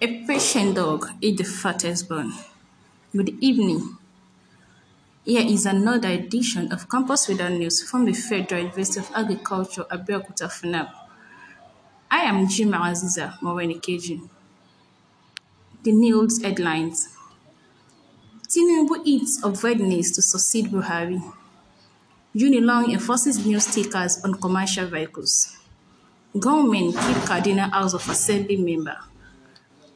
A patient dog is the fattest bone. Good evening. Here is another edition of Campus Weather News from the Federal University of Agriculture, Abeokuta, FUNAB. I am Jim Aziza Morenikeji. The news headlines. Tinubu eats of readiness to succeed Buhari. Unilong enforces new stickers on commercial vehicles. Government keep Cardinal House of Assembly member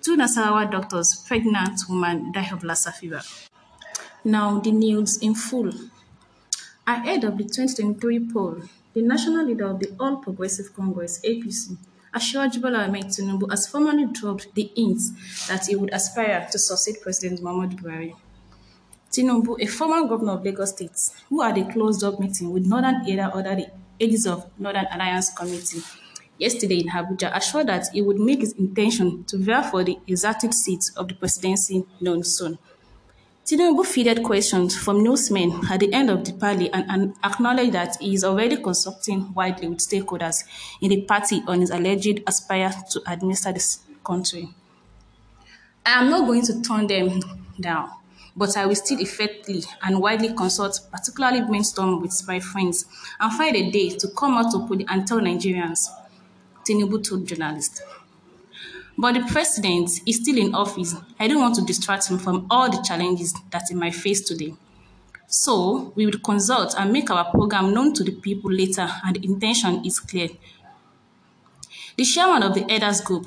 two Nasarawa doctors, pregnant woman die of Lassa fever. Now, the news in full. Ahead of the 2023 poll, the national leader of the All Progressive Congress, APC, assured Bola Ahmed Tinubu has formally dropped the hints that he would aspire to succeed President Muhammadu Buhari. Tinubu, a former governor of Lagos State, who had a closed-up meeting with Northern Ada under the aegis of Northern Alliance Committee, yesterday in Abuja assured that he would make his intention to vie for the exalted seat of the presidency known soon. Tinubu fielded questions from newsmen at the end of the party and, and, acknowledged that he is already consulting widely with stakeholders in the party on his alleged aspire to administer this country. I am not going to turn them down, but I will still effectively and widely consult, particularly brainstorm with my friends, and find a day to come out to put and tell Nigerians Tinubu told journalists. But the president is still in office. I don't want to distract him from all the challenges that he might face today. So we will consult and make our program known to the people later, and the intention is clear. The chairman of the Elders Group,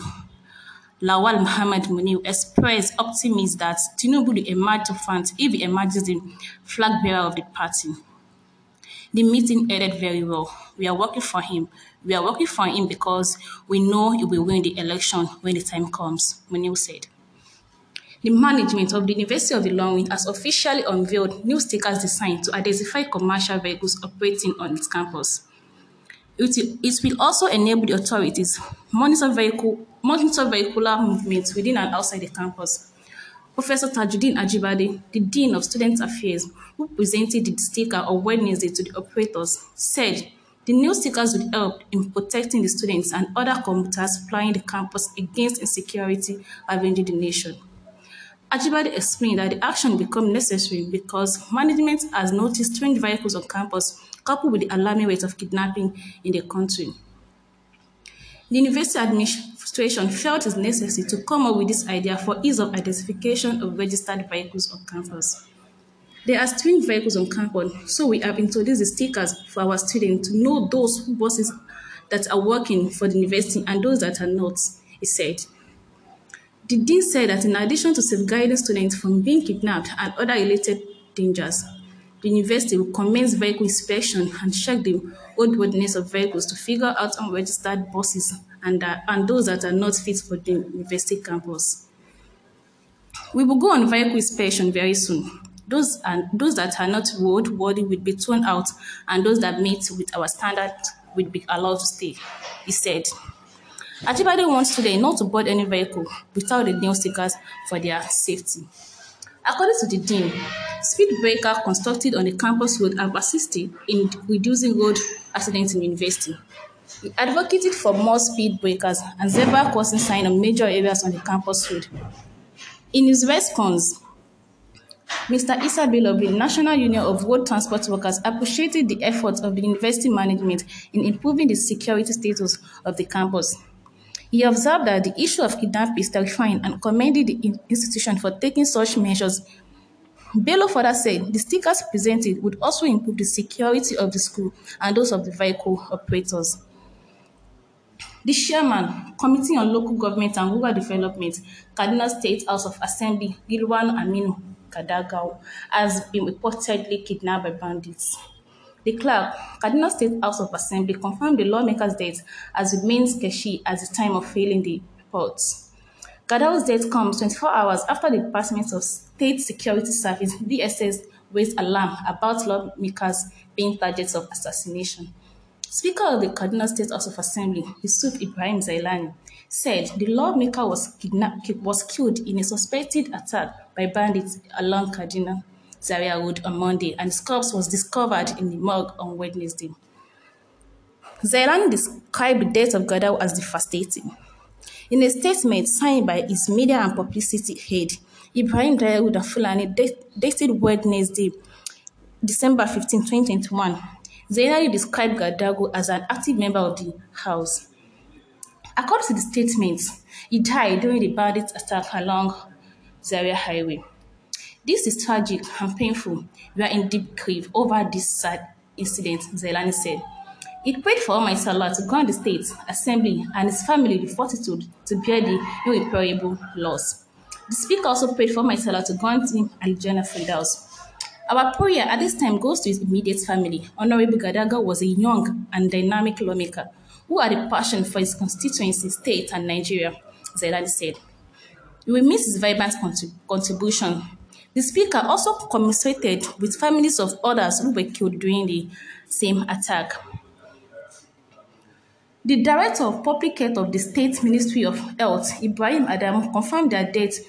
Lawal Muhammad Munir, expressed optimism that Tinubu will emerge front if he emerges the flag bearer of the party the meeting ended very well. We are working for him. We are working for him because we know he will win the election when the time comes, Munil said. The management of the University of Illinois has officially unveiled new stickers designed to identify commercial vehicles operating on its campus. It will also enable the authorities monitor vehicle monitor vehicular movements within and outside the campus. Professor Tajuddin Ajibade, the Dean of Student Affairs, who presented the sticker on Wednesday to the operators, said the new stickers would help in protecting the students and other commuters flying the campus against insecurity ravaging the nation. Ajibade explained that the action became necessary because management has noticed strange vehicles on campus coupled with the alarming rate of kidnapping in the country. The university administration felt it necessary to come up with this idea for ease of identification of registered vehicles on campus. There are student vehicles on campus, so we have introduced the stickers for our students to know those buses that are working for the university and those that are not, he said. The dean said that in addition to safeguarding students from being kidnapped and other related dangers, the university will commence vehicle inspection and check the roadworthiness of vehicles to figure out unregistered buses and, uh, and those that are not fit for the university campus. We will go on vehicle inspection very soon. Those, are, those that are not roadworthy will be thrown out, and those that meet with our standard will be allowed to stay, he said. Everybody wants today not to board any vehicle without the new stickers for their safety. According to the Dean, speed breakers constructed on the campus road have assisted in reducing road accidents in university. He advocated for more speed breakers and zebra crossing signs on major areas on the campus road. In his response, Mr. Issa Bilobi, National Union of Road Transport Workers, appreciated the efforts of the university management in improving the security status of the campus. He observed that the issue of kidnapping is terrifying and commended the institution for taking such measures. Bello further said the stickers presented would also improve the security of the school and those of the vehicle operators. The chairman, Committee on Local Government and Rural Development, Cardinal State House of Assembly, Gilwan Aminu Kadagao, has been reportedly kidnapped by bandits. The clerk, Cardinal State House of Assembly, confirmed the lawmaker's death as it means Keshi at the time of filing the report. Gadao's death comes 24 hours after the Department of State Security Service, DSS, raised alarm about lawmakers being targets of assassination. Speaker of the Cardinal State House of Assembly, Yusuf Ibrahim Zailani, said the lawmaker was, kidnapped, was killed in a suspected attack by bandits along Cardinal. Zaria Wood on Monday, and his corpse was discovered in the morgue on Wednesday. Zelan described the death of Goddard as devastating. In a statement signed by his media and publicity head, Ibrahim Dayawood and Fulani, dated Wednesday, December 15, 2021, Zainari described Gadago as an active member of the House. According to the statement, he died during the bandit attack along Zaria Highway. This is tragic and painful. We are in deep grief over this sad incident, Zelani said. He prayed for my Allah to grant the state, assembly, and his family the fortitude to bear the irreparable loss. The speaker also prayed for my Allah to grant him Al-Jannah Fidels. Our prayer at this time goes to his immediate family. Honorable Gadaga was a young and dynamic lawmaker who had a passion for his constituency, state, and Nigeria, Zelani said. We will miss his vibrant contrib contribution the speaker also commiserated with families of others who were killed during the same attack. The director of public health of the state ministry of health, Ibrahim Adam, confirmed their deaths.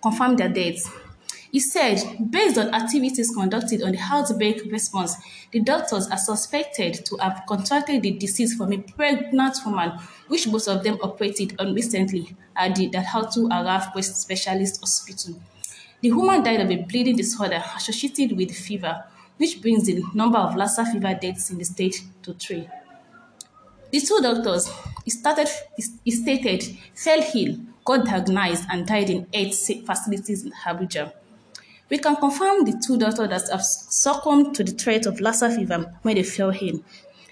Confirmed their He said, based on activities conducted on the outbreak response, the doctors are suspected to have contracted the disease from a pregnant woman, which both of them operated on recently at the to Araf West Specialist Hospital. The woman died of a bleeding disorder associated with fever, which brings the number of Lassa fever deaths in the state to three. The two doctors, he, started, he stated, fell ill, got diagnosed, and died in eight facilities in Abuja. We can confirm the two doctors that have succumbed to the threat of Lassa fever when they fell ill.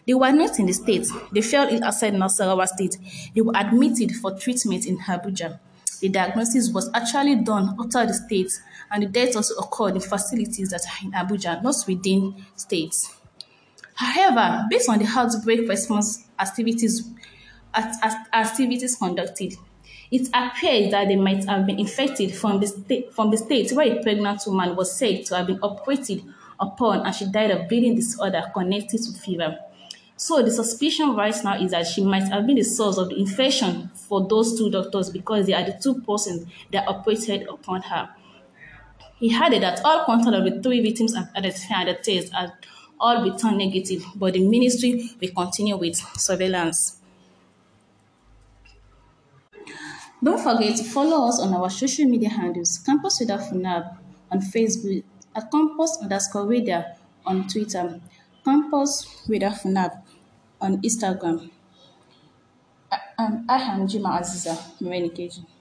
They were not in the state. They fell ill outside Nasarawa state. They were admitted for treatment in Abuja. The diagnosis was actually done outside the state, and the deaths also occurred in facilities that are in Abuja, not within states. However, based on the outbreak response activities, activities conducted, it appears that they might have been infected from the, sta- from the state where a pregnant woman was said to have been operated upon and she died of bleeding disorder connected to fever. So the suspicion right now is that she might have been the source of the infection for those two doctors because they are the two persons that operated upon her. He added that all contact of the three victims at the test had all returned negative, but the ministry will continue with surveillance. Don't forget to follow us on our social media handles Campus Radar Funab on Facebook at Campus underscore Radar on Twitter, Campus Radar Funab on Instagram. I, um, I am Jima Aziza Mwenikeji.